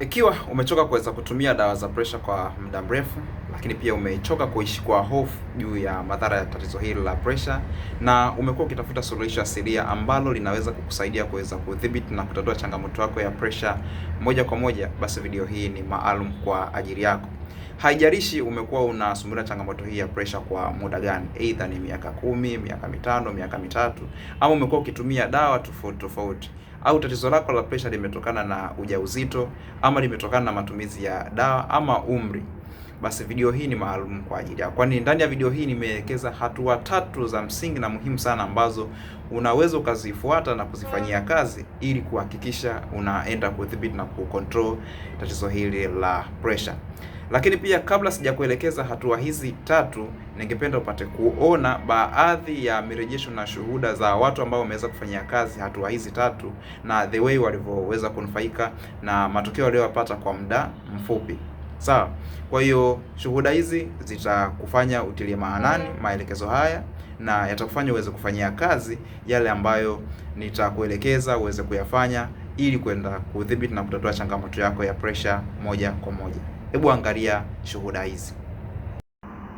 Ikiwa umechoka kuweza kutumia dawa za presha kwa muda mrefu, lakini pia umechoka kuishi kwa hofu juu ya madhara ya tatizo hili la presha, na umekuwa ukitafuta suluhisho asilia ambalo linaweza kukusaidia kuweza kudhibiti na kutatua changamoto yako ya presha moja kwa moja, basi video hii ni maalum kwa ajili yako. haijarishi umekuwa unasumbuliwa changamoto hii ya presha kwa muda gani, aidha ni miaka kumi, miaka mitano, miaka mitatu, ama umekuwa ukitumia dawa tofauti tofauti au tatizo lako la presha limetokana na ujauzito ama limetokana na matumizi ya dawa ama umri basi video hii ni maalum kwa ajili yako, kwani ndani ya video hii nimeelekeza hatua tatu za msingi na muhimu sana ambazo unaweza ukazifuata na kuzifanyia kazi ili kuhakikisha unaenda kudhibiti na kucontrol tatizo hili la pressure. Lakini pia kabla sijakuelekeza hatua hizi tatu, ningependa upate kuona baadhi ya mirejesho na shuhuda za watu ambao wameweza kufanyia kazi hatua hizi tatu na the way walivyoweza kunufaika na matokeo waliyopata kwa muda mfupi. Sawa. Kwa hiyo shuhuda hizi zitakufanya utilie maanani maelekezo haya na yatakufanya uweze kufanyia kazi yale ambayo nitakuelekeza uweze kuyafanya ili kwenda kudhibiti na kutatua changamoto yako ya presha moja kwa moja. Hebu angalia shuhuda hizi.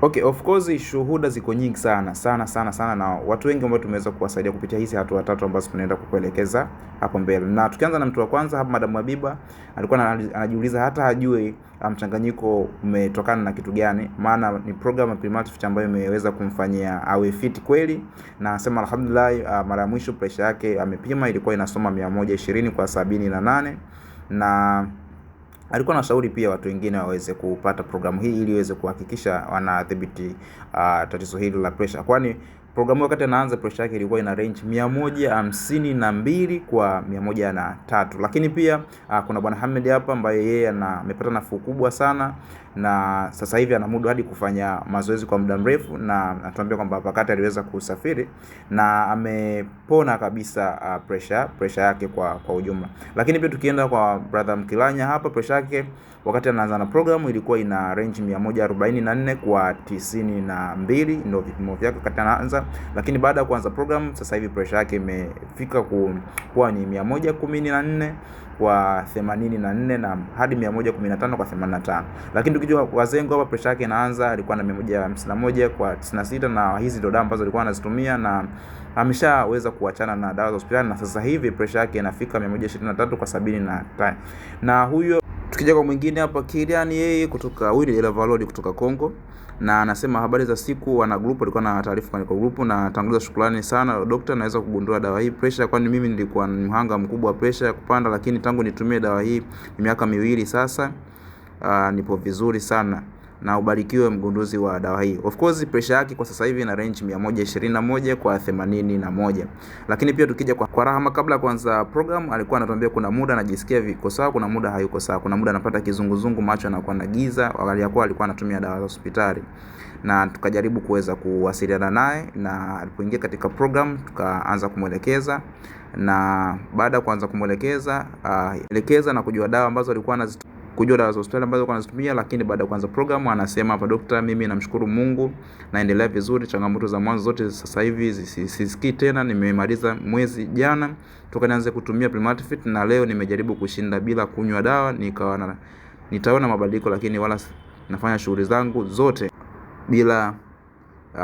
Okay, of course shuhuda ziko nyingi sana sana sana sana, na watu wengi ambao tumeweza kuwasaidia kupitia hizi hatua tatu ambazo tunaenda kukuelekeza hapo mbele. Na tukianza na mtu wa kwanza hapa, Madam Habiba alikuwa anajiuliza hata hajui ah, mchanganyiko umetokana na kitu gani, maana ni program ya Primatech ambayo imeweza kumfanyia awe fit kweli, na anasema alhamdulillah, ah, mara ya mwisho pressure yake amepima ilikuwa inasoma 120 kwa 78 na alikuwa anashauri pia watu wengine waweze kupata programu hii ili iweze kuhakikisha wanadhibiti uh, tatizo hili la pressure, kwani programu wakati anaanza pressure yake ilikuwa ina range 152 kwa mia na tatu lakini pia uh, kuna bwana Hamed hapa ambaye yeye amepata nafuu kubwa sana na sasa hivi anamudu hadi kufanya mazoezi kwa muda mrefu, na atuambia kwamba wakati aliweza kusafiri na amepona kabisa uh, pressure pressure yake kwa kwa ujumla. Lakini pia tukienda kwa brother Mkilanya hapa, pressure yake wakati anaanza na programu ilikuwa ina range 144 kwa 92, ndio vipimo vyake wakati anaanza, lakini baada ya kuanza programu sasa hivi pressure yake imefika kuwa ni 114 kwa 84 na hadi 115 kwa 85. Lakini tukija Wazengo hapa pressure yake inaanza, alikuwa na 151 kwa 96, na hizi ndio dawa ambazo alikuwa anazitumia na ameshaweza kuachana na dawa za hospitali na sasa hivi pressure yake inafika 123 kwa 75. Na huyo Tukija kwa mwingine hapa Kilian, yeye kutoka Willy Lavalodi kutoka Kongo, na anasema habari za siku, wana group alikuwa na taarifa kwa group, na tanguliza shukrani sana daktari, naweza kugundua dawa hii pressure, kwani mimi nilikuwa mhanga mkubwa wa pressure ya kupanda, lakini tangu nitumie dawa hii ni miaka miwili sasa. Aa, ah, nipo vizuri sana na ubarikiwe mgunduzi wa dawa hii. Of course pressure yake kwa sasa hivi ina range 121 kwa 81. Lakini pia tukija kwa, kwa Rahma kabla ya kuanza program alikuwa anatuambia kuna muda anajisikia viko sawa, kuna muda hayuko sawa. Kuna muda anapata kizunguzungu, macho yanakuwa na giza, wakati yakuwa alikuwa anatumia dawa za hospitali. Na tukajaribu kuweza kuwasiliana naye na alipoingia katika program tukaanza kumwelekeza na baada ya kuanza kumwelekeza uh, elekeza na kujua dawa ambazo alikuwa anazitumia kujua dawa za hospitali ambazo anazitumia, lakini baada ya kuanza program anasema hapa, dokta, mimi namshukuru Mungu, naendelea vizuri, changamoto za mwanzo zote sasa hivi sisikii tena, nimemaliza mwezi jana toka nianze kutumia Primatifit na leo nimejaribu kushinda bila kunywa dawa, nikawa na nitaona mabadiliko, lakini wala nafanya shughuli zangu zote bila Uh,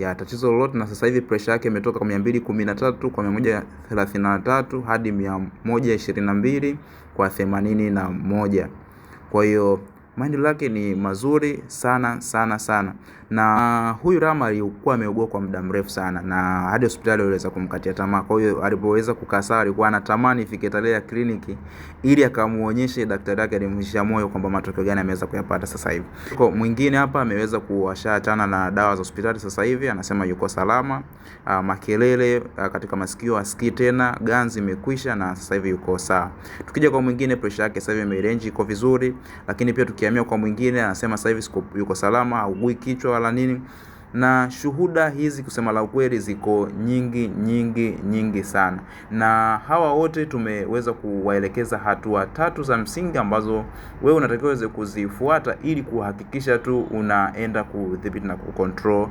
ya tatizo lolote na sasa hivi pressure yake imetoka kwa 213 kwa 133 hadi 122 kwa 81. Kwa hiyo Mind lake ni mazuri sana sana sana. Na huyu Rama alikuwa ameugua kwa muda mrefu sana na hadi hospitali waliweza kumkatia tamaa. Kwa hiyo alipoweza kukaa sawa alikuwa anatamani ifike tarehe ya kliniki ili akamuonyeshe daktari wake alimshia moyo kwamba matokeo gani ameweza kuyapata sasa hivi. Kwa mwingine hapa ameweza kuwashaachana na dawa za hospitali sasa hivi anasema yuko salama. Uh, makelele uh, katika masikio asikii tena, ganzi imekwisha na sasa hivi yuko sawa. Tukija kwa mwingine pressure yake sasa hivi imerange iko vizuri lakini pia tuki akihamia kwa mwingine anasema sasa hivi yuko salama, augui kichwa wala nini. Na shuhuda hizi kusema la ukweli ziko nyingi nyingi nyingi sana, na hawa wote tumeweza kuwaelekeza hatua tatu za msingi ambazo wewe unatakiwa uweze kuzifuata ili kuhakikisha tu unaenda kudhibiti na kucontrol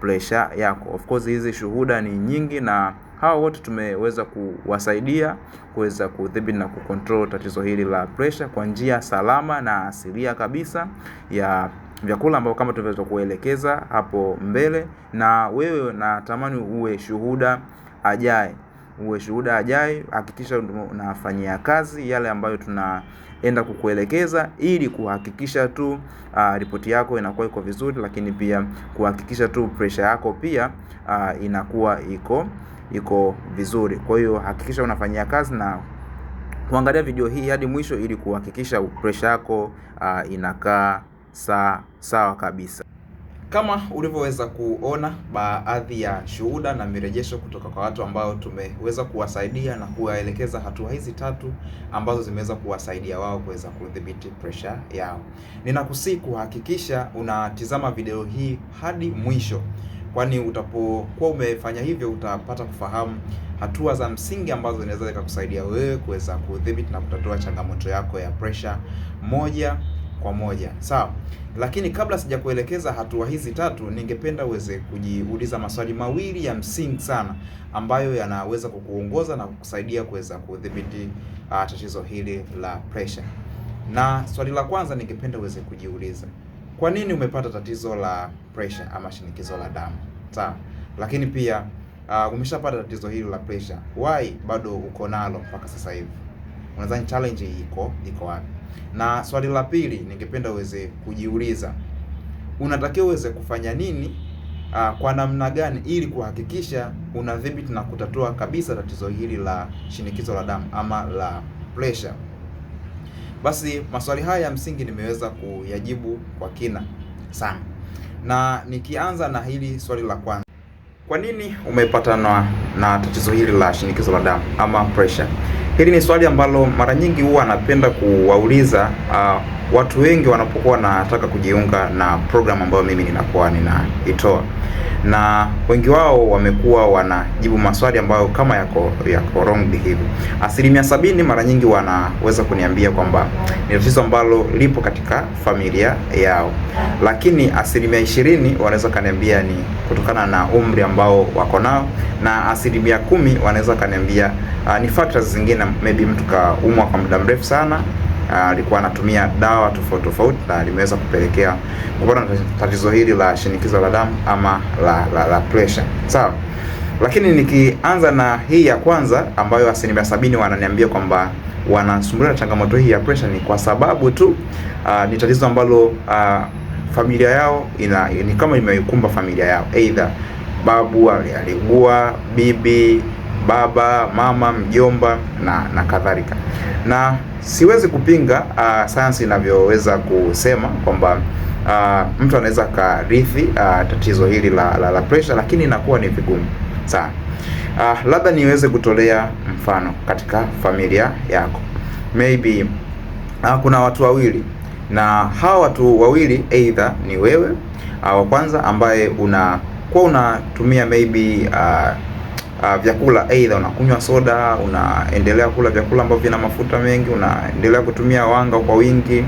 pressure yako. Of course hizi shuhuda ni nyingi na Hawa wote tumeweza kuwasaidia kuweza kudhibiti na kucontrol tatizo hili la pressure kwa njia salama na asilia kabisa ya vyakula ambao kama tulivyoweza kuelekeza hapo mbele, na wewe natamani uwe shuhuda ajaye uwe shuhuda ajaye. Hakikisha unafanyia kazi yale ambayo tunaenda kukuelekeza, ili kuhakikisha tu uh, ripoti yako inakuwa iko vizuri, lakini pia kuhakikisha tu presha yako pia uh, inakuwa iko iko vizuri. Kwa hiyo hakikisha unafanyia kazi na kuangalia video hii hadi mwisho ili kuhakikisha presha yako uh, inakaa sawa sawa kabisa. Kama ulivyoweza kuona baadhi ya shuhuda na mirejesho kutoka kwa watu ambao tumeweza kuwasaidia na kuwaelekeza hatua hizi tatu ambazo zimeweza kuwasaidia wao kuweza kudhibiti presha yao, ninakusihi kuhakikisha unatizama video hii hadi mwisho kwani utapokuwa umefanya hivyo utapata kufahamu hatua za msingi ambazo zinaweza zikakusaidia wewe kuweza kudhibiti na kutatua changamoto yako ya pressure moja kwa moja sawa. Lakini kabla sijakuelekeza hatua hizi tatu, ningependa uweze kujiuliza maswali mawili ya msingi sana ambayo yanaweza kukuongoza na kukusaidia kuweza kudhibiti uh, tatizo hili la pressure. Na swali la kwanza ningependa uweze kujiuliza kwa nini umepata tatizo la pressure ama shinikizo la damu, sawa. Lakini pia uh, umeshapata tatizo hili la pressure, why bado uko nalo mpaka sasa hivi? Unadhani challenge iko iko wapi? Na swali la pili ningependa uweze kujiuliza, unatakiwa uweze kufanya nini, uh, kwa namna gani ili kuhakikisha unadhibiti na kutatua kabisa tatizo hili la shinikizo la damu ama la pressure. Basi maswali haya ya msingi nimeweza kuyajibu kwa kina sana, na nikianza na hili swali la kwanza, kwa nini umepatana na tatizo hili la shinikizo la damu ama pressure? Hili ni swali ambalo mara nyingi huwa anapenda kuwauliza uh, watu wengi wanapokuwa wanataka kujiunga na programu ambayo mimi ninakuwa ninaitoa na wengi wao wamekuwa wanajibu maswali ambayo kama yako yako wrong hivi. Asilimia sabini mara nyingi wanaweza kuniambia kwamba ni tatizo ambalo lipo katika familia yao, lakini asilimia ishirini wanaweza kaniambia ni kutokana na umri ambao wako nao, na asilimia kumi wanaweza kaniambia uh, ni factors zingine, maybe mtu kaumwa kwa muda mrefu sana Ah, alikuwa anatumia dawa tofauti tofauti na limeweza kupelekea kupata tatizo hili la shinikizo la damu ama la, la, la pressure. Sawa. Lakini nikianza na hii ya kwanza ambayo asilimia sabini wananiambia kwamba wanasumbuliwa na changamoto hii ya pressure ni kwa sababu tu uh, ni tatizo ambalo uh, familia yao ina, ni kama imeikumba familia yao, aidha babu aliugua, bibi baba, mama, mjomba na na kadhalika, na siwezi kupinga uh, sayansi inavyoweza kusema kwamba uh, mtu anaweza karithi uh, ah, tatizo hili la, la, la pressure, lakini inakuwa ni vigumu sana. Uh, labda niweze kutolea mfano katika familia yako maybe uh, kuna watu wawili na hawa watu wawili either ni wewe wa uh, kwanza ambaye unakuwa unatumia maybe uh, uh, vyakula, aidha unakunywa soda, unaendelea kula vyakula ambavyo vina mafuta mengi, unaendelea kutumia wanga kwa wingi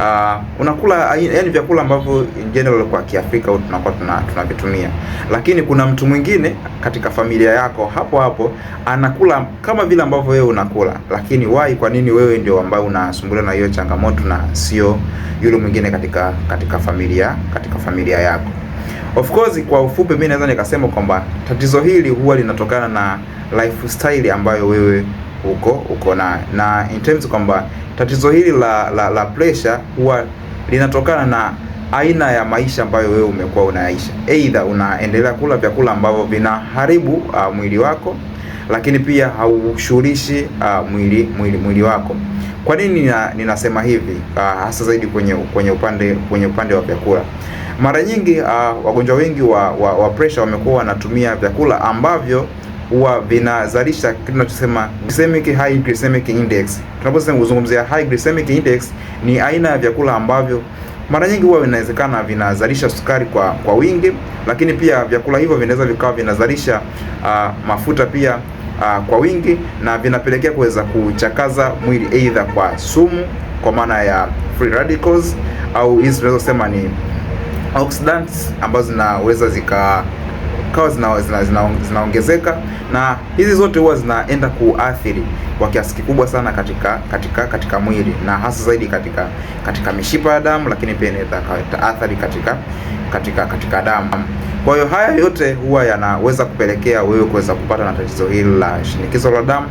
Uh, unakula yani vyakula ambavyo in general kwa Kiafrika tunakuwa tuna tunavitumia, lakini kuna mtu mwingine katika familia yako hapo hapo anakula kama vile ambavyo wewe unakula, lakini wai, kwa nini wewe ndio ambaye unasumbuliwa na hiyo changamoto na sio yule mwingine katika katika familia katika familia yako? Of course kwa ufupi mimi naweza nikasema kwamba tatizo hili huwa linatokana na lifestyle ambayo wewe uko uko nayo, na in terms kwamba tatizo hili la, la, la pressure huwa linatokana na aina ya maisha ambayo wewe umekuwa unaisha. Either unaendelea kula vyakula ambavyo vinaharibu uh, mwili wako, lakini pia haushughulishi uh, mwili, mwili mwili wako. Kwa nini nina, ninasema hivi uh, hasa zaidi kwenye kwenye upande kwenye upande wa vyakula mara nyingi uh, wagonjwa wengi wa, wa, wa pressure wamekuwa wanatumia vyakula ambavyo huwa vinazalisha kitu tunachosema glycemic high glycemic index. Tunaposema kuzungumzia high glycemic index ni aina ya vyakula ambavyo mara nyingi huwa inawezekana vinazalisha sukari kwa kwa wingi, lakini pia vyakula hivyo vinaweza vikawa vinazalisha uh, mafuta pia uh, kwa wingi na vinapelekea kuweza kuchakaza mwili aidha kwa sumu kwa maana ya free radicals au hizi tunazosema ni oxidants ambazo zinaweza zika kawa zinaongezeka zina, zina, zina na hizi zote huwa zinaenda kuathiri kwa kiasi kikubwa sana katika katika katika mwili na hasa zaidi katika katika mishipa ya damu, lakini pia inaweza athari katika katika katika damu. Kwa hiyo haya yote huwa yanaweza kupelekea wewe kuweza kupata na tatizo hili la shinikizo la damu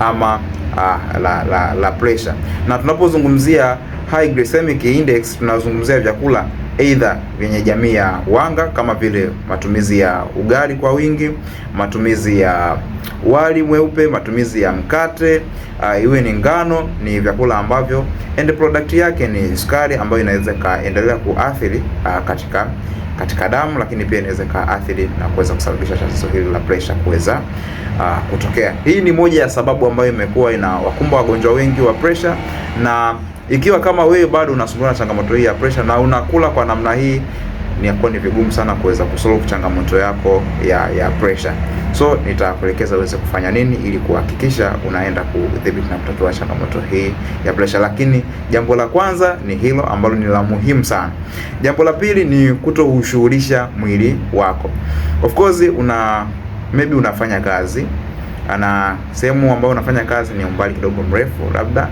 ama ah, la, la, la pressure. Na tunapozungumzia high glycemic index tunazungumzia vyakula aidha vyenye jamii ya wanga kama vile matumizi ya ugali kwa wingi, matumizi ya wali mweupe, matumizi ya mkate uh, iwe ni ngano. Ni vyakula ambavyo end product yake ni sukari ambayo inaweza ikaendelea kuathiri uh, katika katika damu, lakini pia inaweza ikaathiri na kuweza kusababisha tatizo hili la pressure kuweza uh, kutokea. Hii ni moja ya sababu ambayo imekuwa ina wakumba wagonjwa wengi wa pressure na ikiwa kama wewe bado unasumbua na changamoto hii ya pressure na unakula kwa namna hii, ni inakuwa ni vigumu sana kuweza kusolve changamoto yako ya ya pressure. So nitakuelekeza uweze kufanya nini ili kuhakikisha unaenda kudhibiti na kutatua changamoto hii ya pressure. Lakini jambo la kwanza ni hilo ambalo ni la muhimu sana. Jambo la pili ni kutohushughulisha mwili wako. Of course una maybe unafanya kazi ana sehemu ambayo unafanya kazi ni umbali kidogo mrefu labda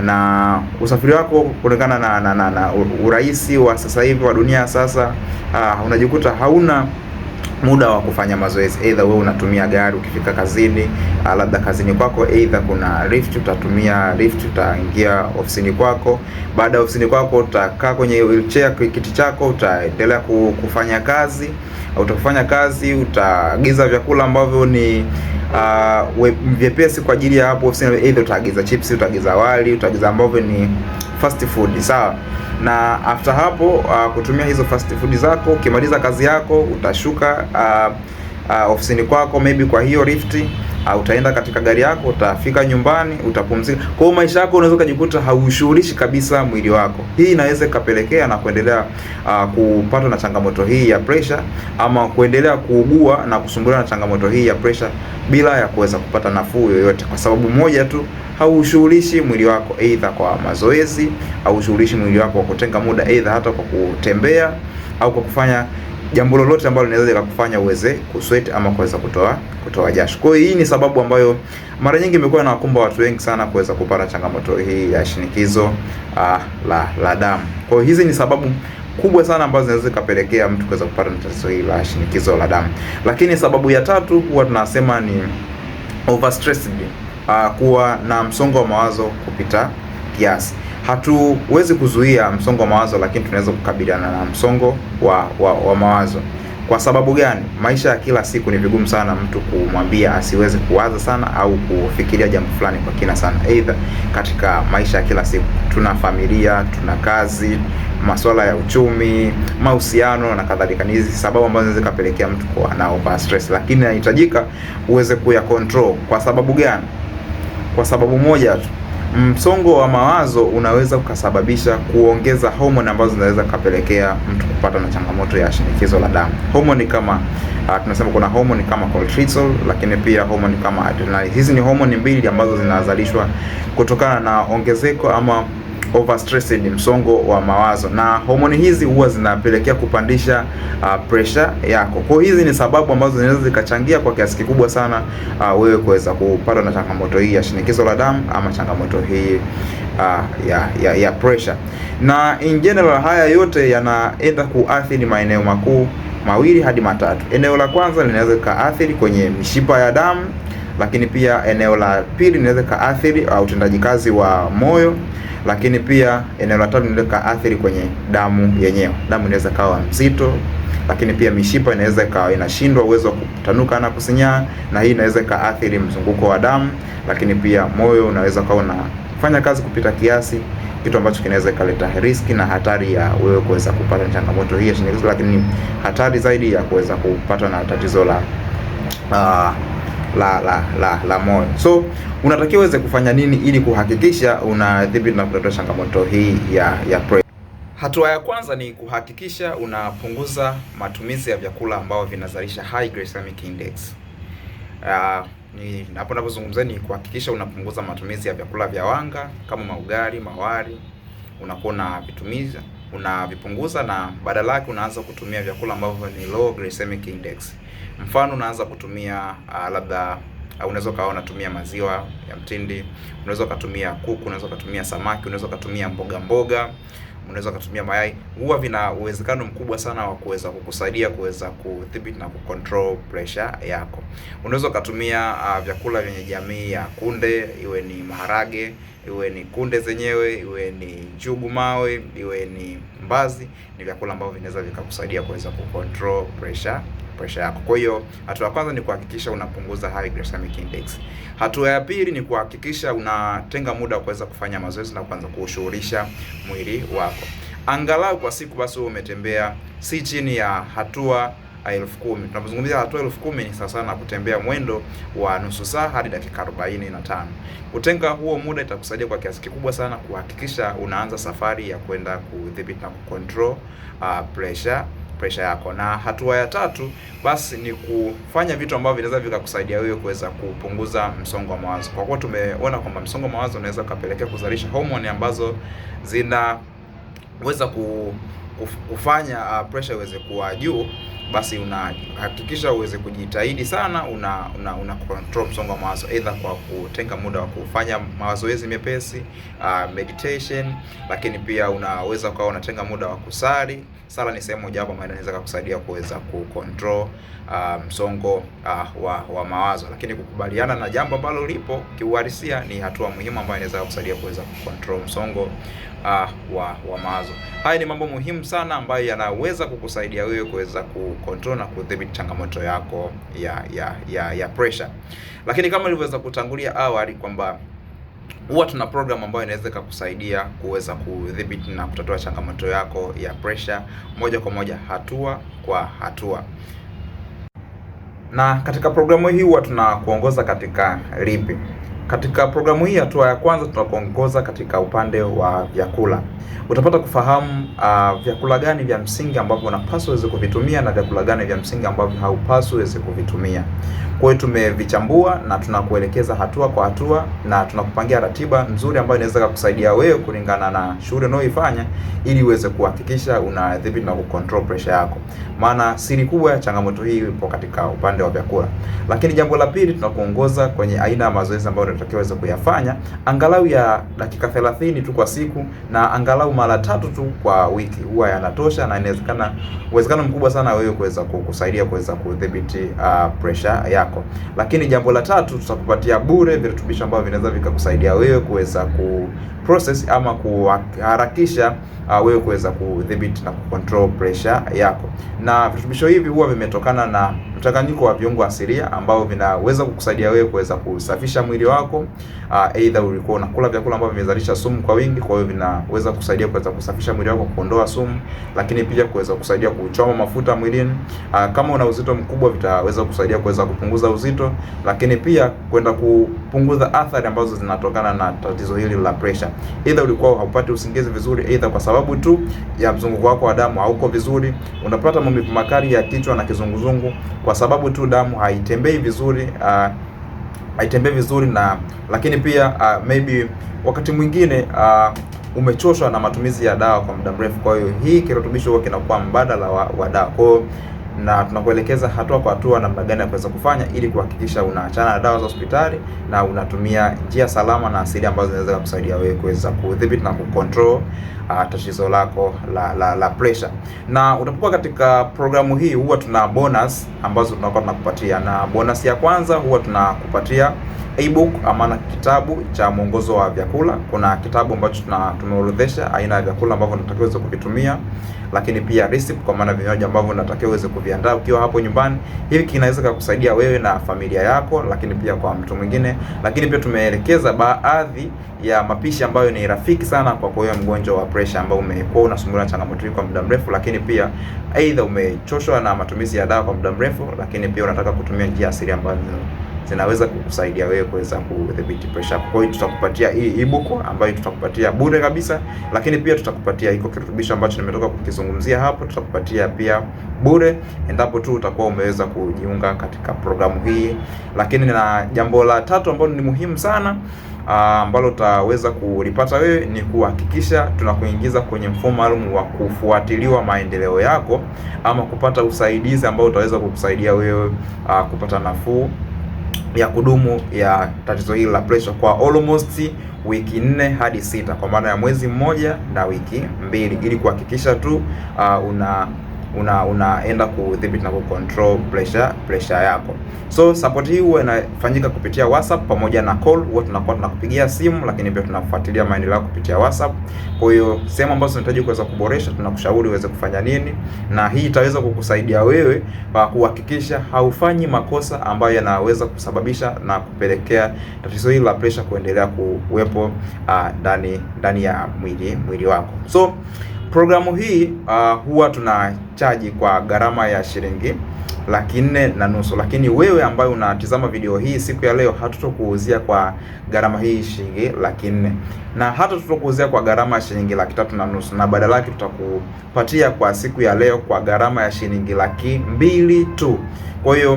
na usafiri wako kulingana na, na, na, na urahisi wa sasa hivi wa dunia sasa, uh, unajikuta hauna muda wa kufanya mazoezi. Aidha wewe unatumia gari ukifika kazini, ah, labda kazini kwako, aidha kuna lift, utatumia lift, utaingia ofisini kwako. Baada ya ofisini kwako, utakaa kwenye wheelchair, kiti chako, utaendelea kufanya kazi, utafanya kazi, utaagiza vyakula ambavyo ni uh, vyepesi kwa ajili ya hapo ofisini. Either utaagiza chips, utaagiza wali, utaagiza ambavyo ni fast food, sawa. Na after hapo uh, kutumia hizo fast food zako, ukimaliza kazi yako utashuka uh, uh, ofisini kwako maybe kwa hiyo rifti uh, ah, utaenda katika gari yako, utafika nyumbani, utapumzika. Kwa hiyo maisha yako unaweza ukajikuta haushughulishi kabisa mwili wako. Hii inaweza ikapelekea na kuendelea uh, kupatwa na changamoto hii ya pressure, ama kuendelea kuugua na kusumbuliwa na changamoto hii ya pressure bila ya kuweza kupata nafuu yoyote, kwa sababu moja tu haushughulishi mwili wako aidha kwa mazoezi, haushughulishi mwili wako kwa kutenga muda aidha hata kwa kutembea au kwa kufanya jambo lolote ambalo linaweza likakufanya uweze kusweat ama kuweza kutoa kutoa jasho. Kwa hiyo hii ni sababu ambayo mara nyingi imekuwa inawakumba watu wengi sana kuweza kupata changamoto hii ya shinikizo uh, la la damu. Kwa hiyo hizi ni sababu kubwa sana ambazo zinaweza zikapelekea mtu kuweza kupata tatizo hili la shinikizo la damu. Lakini sababu ya tatu huwa tunasema ni overstressed, uh, kuwa na msongo wa mawazo kupita kiasi hatuwezi kuzuia msongo wa mawazo, lakini tunaweza kukabiliana na msongo wa, wa, wa mawazo. Kwa sababu gani? Maisha ya kila siku ni vigumu sana mtu kumwambia asiweze kuwaza sana au kufikiria jambo fulani kwa kina sana. Aidha, katika maisha ya kila siku tuna familia, tuna kazi, masuala ya uchumi, mahusiano na kadhalika. Ni hizi sababu ambazo zinaweza kupelekea mtu kuwa na over stress, lakini inahitajika uweze kuya control. Kwa sababu gani? Kwa sababu moja tu Msongo wa mawazo unaweza ukasababisha kuongeza homoni ambazo zinaweza kapelekea mtu kupata na changamoto ya shinikizo la damu. Homoni kama uh, tunasema kuna homoni kama cortisol, lakini pia homoni kama adrenaline. Hizi ni homoni mbili ambazo zinazalishwa kutokana na ongezeko ama overstress ni msongo wa mawazo, na homoni hizi huwa zinapelekea kupandisha uh, pressure yako. Kwa hiyo hizi ni sababu ambazo zinaweza zikachangia kwa kiasi kikubwa sana uh, wewe kuweza kupatwa na changamoto hii ya shinikizo la damu ama changamoto hii uh, ya, ya, ya pressure. Na in general haya yote yanaenda kuathiri maeneo makuu mawili hadi matatu. Eneo la kwanza linaweza kaathiri kwenye mishipa ya damu lakini pia eneo la pili linaweza kaathiri uh, utendaji kazi wa moyo, lakini pia eneo la tatu linaweza kaathiri kwenye damu yenyewe. Damu inaweza kawa mzito, lakini pia mishipa inaweza ikawa inashindwa uwezo wa kutanuka na kusinyaa, na hii inaweza kaathiri mzunguko wa damu, lakini pia moyo unaweza kawa unafanya kazi kupita kiasi kitu ambacho kinaweza kaleta riski na hatari ya wewe kuweza kupata changamoto hii ya shinikizo, lakini hatari zaidi ya kuweza kupata na tatizo la uh, la la la, la moyo. So unatakiwa uweze kufanya nini ili kuhakikisha unadhibiti na kutatua changamoto hii ya ya pressure? Hatua ya kwanza ni kuhakikisha unapunguza matumizi ya vyakula ambao vinazalisha high glycemic index. Uh, ni hapo ninapozungumzia ni kuhakikisha unapunguza matumizi ya vyakula vya wanga kama maugali, mawari, unakuwa unavitumiza unavipunguza, na badala yake unaanza kutumia vyakula ambavyo ni low glycemic index. Mfano unaanza kutumia uh, labda uh, unaweza ukawa unatumia maziwa ya mtindi, unaweza ukatumia kuku, unaweza ukatumia samaki, unaweza ukatumia mboga mboga, unaweza ukatumia mayai. Huwa vina uwezekano mkubwa sana wa kuweza kukusaidia kuweza kudhibiti na kucontrol pressure yako. Unaweza ukatumia uh, vyakula vyenye jamii ya kunde, iwe ni maharage iwe ni kunde zenyewe, iwe ni njugu mawe, iwe ni mbazi, ni vyakula ambavyo vinaweza vikakusaidia kuweza kucontrol pressure pressure yako. Kwa hiyo hatua ya kwanza ni kuhakikisha unapunguza high glycemic index. Hatua ya pili ni kuhakikisha unatenga muda wa kuweza kufanya mazoezi na kuanza kushughulisha mwili wako, angalau kwa siku basi umetembea si chini ya hatua elfu kumi. Tunapozungumzia hatua elfu kumi ni sawasawa na kutembea mwendo wa nusu saa hadi dakika 45. Kutenga huo muda itakusaidia kwa kiasi kikubwa sana kuhakikisha unaanza safari ya kwenda kudhibiti na kucontrol uh, pressure pressure yako. Na hatua ya tatu basi ni kufanya vitu ambavyo vinaweza vikakusaidia wewe kuweza kupunguza msongo wa mawazo, kwa kuwa tumeona kwamba msongo wa mawazo unaweza ukapelekea kuzalisha homoni ambazo zinaweza kufanya uh, pressure iweze kuwa juu basi unahakikisha uweze kujitahidi sana, una, una, una control msongo wa mawazo, either kwa kutenga muda wa kufanya mazoezi mepesi uh, meditation, lakini pia unaweza ukawa unatenga muda wa kusali. Sala ni sehemu hapo ambayo inaweza kukusaidia kuweza kucontrol uh, msongo uh, wa, wa mawazo, lakini kukubaliana na jambo ambalo lipo kiuhalisia ni hatua muhimu ambayo inaweza kukusaidia kuweza kucontrol msongo uh, wa, wa mawazo. Haya ni mambo muhimu sana ambayo yanaweza kukusaidia wewe kuweza kucontrol na kudhibiti changamoto yako ya ya ya, ya pressure. Lakini kama nilivyoweza kutangulia awali kwamba huwa tuna program ambayo inaweza ikakusaidia kuweza kudhibiti na kutatua changamoto yako ya pressure moja kwa moja, hatua kwa hatua na katika programu hii huwa tunakuongoza katika lipi? Katika programu hii, hatua ya kwanza tunakuongoza katika upande wa vyakula. Utapata kufahamu uh, vyakula gani vya msingi ambavyo unapaswa uweze kuvitumia na vyakula gani vya msingi ambavyo haupaswi uweze kuvitumia. Kwa hiyo tumevichambua na tunakuelekeza hatua kwa hatua, na tunakupangia ratiba nzuri ambayo inaweza kukusaidia wewe kulingana na shughuli unayoifanya, ili uweze kuhakikisha unadhibiti na kucontrol pressure yako, maana siri kubwa ya changamoto hii ipo katika upande wa vyakula. Lakini jambo la pili, tunakuongoza kwenye aina ya mazoezi ambayo anatakiwa kuyafanya angalau ya dakika 30 tu kwa siku na angalau mara tatu tu kwa wiki, huwa yanatosha na inawezekana uwezekano mkubwa sana wewe kuweza kukusaidia kuweza kudhibiti uh, pressure yako. Lakini jambo la tatu tutakupatia bure virutubisho ambavyo vinaweza vikakusaidia wewe kuweza ku process ama kuharakisha uh, wewe kuweza kudhibiti na kucontrol pressure yako. Na virutubisho hivi huwa vimetokana na mchanganyiko wa viungo asilia ambao vinaweza kukusaidia wewe kuweza kusafisha mwili wako. Uh, either ulikuwa unakula vyakula ambavyo vimezalisha sumu kwa wingi, kwa hiyo vinaweza kusaidia kuweza kusafisha mwili wako, kuondoa sumu, lakini pia kuweza kusaidia kuchoma mafuta mwilini. Uh, kama una uzito mkubwa, vitaweza kusaidia kuweza kupunguza uzito, lakini pia kwenda ku kupunguza athari ambazo zinatokana na tatizo hili la pressure. Either ulikuwa haupati usingizi vizuri, either kwa sababu tu ya mzunguko wako wa damu hauko vizuri, unapata maumivu makali ya kichwa na kizunguzungu kwa sababu tu damu haitembei vizuri uh, haitembei vizuri na lakini pia uh, maybe wakati mwingine uh, umechoshwa na matumizi ya dawa kwa muda mrefu. Kwa hiyo hii kirutubisho huwa kinakuwa mbadala wa, wa dawa. Kwa hiyo na tunakuelekeza hatua kwa hatua namna gani ya kuweza kufanya ili kuhakikisha unaachana na dawa za hospitali na unatumia njia salama na asili ambazo zinaweza kusaidia wewe kuweza kudhibiti na kucontrol uh, tatizo lako la, la, la pressure. Na utapokuwa katika programu hii huwa tuna bonus ambazo tunakuwa tunakupatia, na bonus ya kwanza huwa tunakupatia ebook ama na kitabu cha mwongozo wa vyakula. Kuna kitabu ambacho tumeorodhesha aina ya vyakula ambavyo unatakiwa kuvitumia lakini pia recipe kwa maana vinywaji ambavyo unatakiwa uweze kuviandaa ukiwa hapo nyumbani. Hivi kinaweza kukusaidia wewe na familia yako, lakini pia kwa mtu mwingine. Lakini pia tumeelekeza baadhi ya mapishi ambayo ni rafiki sana kwa kwa mgonjwa wa pressure ambao umekuwa unasumbuliwa na changamoto hii kwa muda mrefu, lakini pia aidha umechoshwa na matumizi ya dawa kwa muda mrefu, lakini pia unataka kutumia njia asili ambayo zinaweza kukusaidia wewe kuweza kudhibiti pressure yako. Kwa hiyo tutakupatia hii ebook ambayo tutakupatia bure kabisa, lakini pia tutakupatia iko kirutubisho ambacho nimetoka kukizungumzia hapo, tutakupatia pia bure endapo tu utakuwa umeweza kujiunga katika programu hii. Lakini na jambo la tatu ambalo ni muhimu sana ah, ambalo uh, utaweza kulipata wewe ni kuhakikisha tunakuingiza kwenye mfumo maalum wa kufuatiliwa maendeleo yako ama kupata usaidizi ambao utaweza kukusaidia wewe uh, kupata nafuu ya kudumu ya tatizo hili la pressure kwa almost wiki nne hadi sita, kwa maana ya mwezi mmoja na wiki mbili, ili kuhakikisha tu uh, una una unaenda kudhibiti na kucontrol pressure pressure yako. So support hii huwa inafanyika kupitia WhatsApp pamoja na call, huwa tunakuwa tunakupigia simu, lakini pia tunafuatilia maendeleo yako kupitia WhatsApp. Kwa hiyo sehemu ambazo unahitaji kuweza kuboresha, tunakushauri uweze kufanya nini, na hii itaweza kukusaidia wewe kwa kuhakikisha haufanyi makosa ambayo yanaweza kusababisha na kupelekea tatizo hili la pressure kuendelea kuwepo ah, ndani uh, ndani ya mwili mwili wako so Programu hii uh, huwa tunachaji kwa gharama ya shilingi laki nne na nusu, lakini wewe ambaye unatizama video hii siku ya leo hatutokuuzia kwa gharama hii shilingi laki nne na hata tutakuuzia kwa gharama ya shilingi laki tatu na nusu, na badala yake tutakupatia kwa siku ya leo kwa gharama ya shilingi laki mbili tu. Kwa hiyo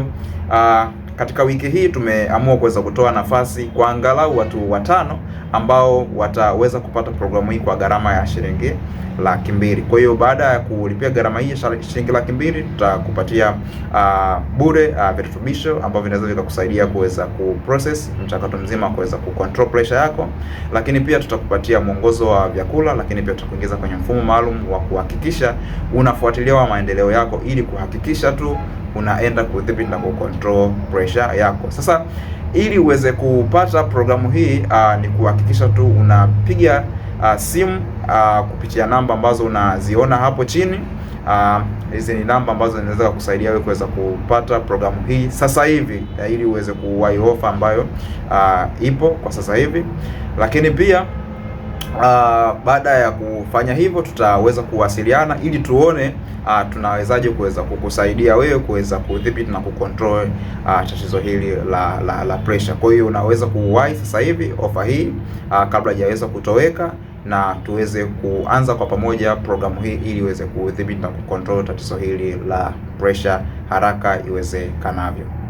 uh, katika wiki hii tumeamua kuweza kutoa nafasi kwa angalau watu watano ambao wataweza kupata programu hii kwa gharama ya shilingi laki mbili. Kwa hiyo baada ya kulipia gharama hii shilingi laki mbili tutakupatia uh, bure uh, virutubisho ambavyo vinaweza vikakusaidia kuweza kuprocess mchakato mzima kuweza kucontrol pressure yako, lakini pia tutakupatia mwongozo wa vyakula, lakini pia tutakuingiza kwenye mfumo maalum wa kuhakikisha unafuatiliwa maendeleo yako ili kuhakikisha tu unaenda kudhibiti na kucontrol pressure yako. Sasa ili uweze kupata programu hii uh, ni kuhakikisha tu unapiga uh, simu uh, kupitia namba ambazo unaziona hapo chini. Hizi uh, ni namba ambazo zinaweza kukusaidia wewe kuweza kupata programu hii sasa hivi uh, ili uweze kuwahi ofa ambayo uh, ipo kwa sasa hivi, lakini pia uh, baada ya kufanya hivyo tutaweza kuwasiliana ili tuone uh, tunawezaje kuweza kukusaidia wewe kuweza kudhibiti na kucontrol uh, tatizo hili la la, la pressure. Kwa hiyo unaweza kuwahi sasa hivi ofa hii uh, kabla hajaweza kutoweka na tuweze kuanza kwa pamoja programu hii ili iweze kudhibiti na kucontrol tatizo hili la pressure haraka iwezekanavyo.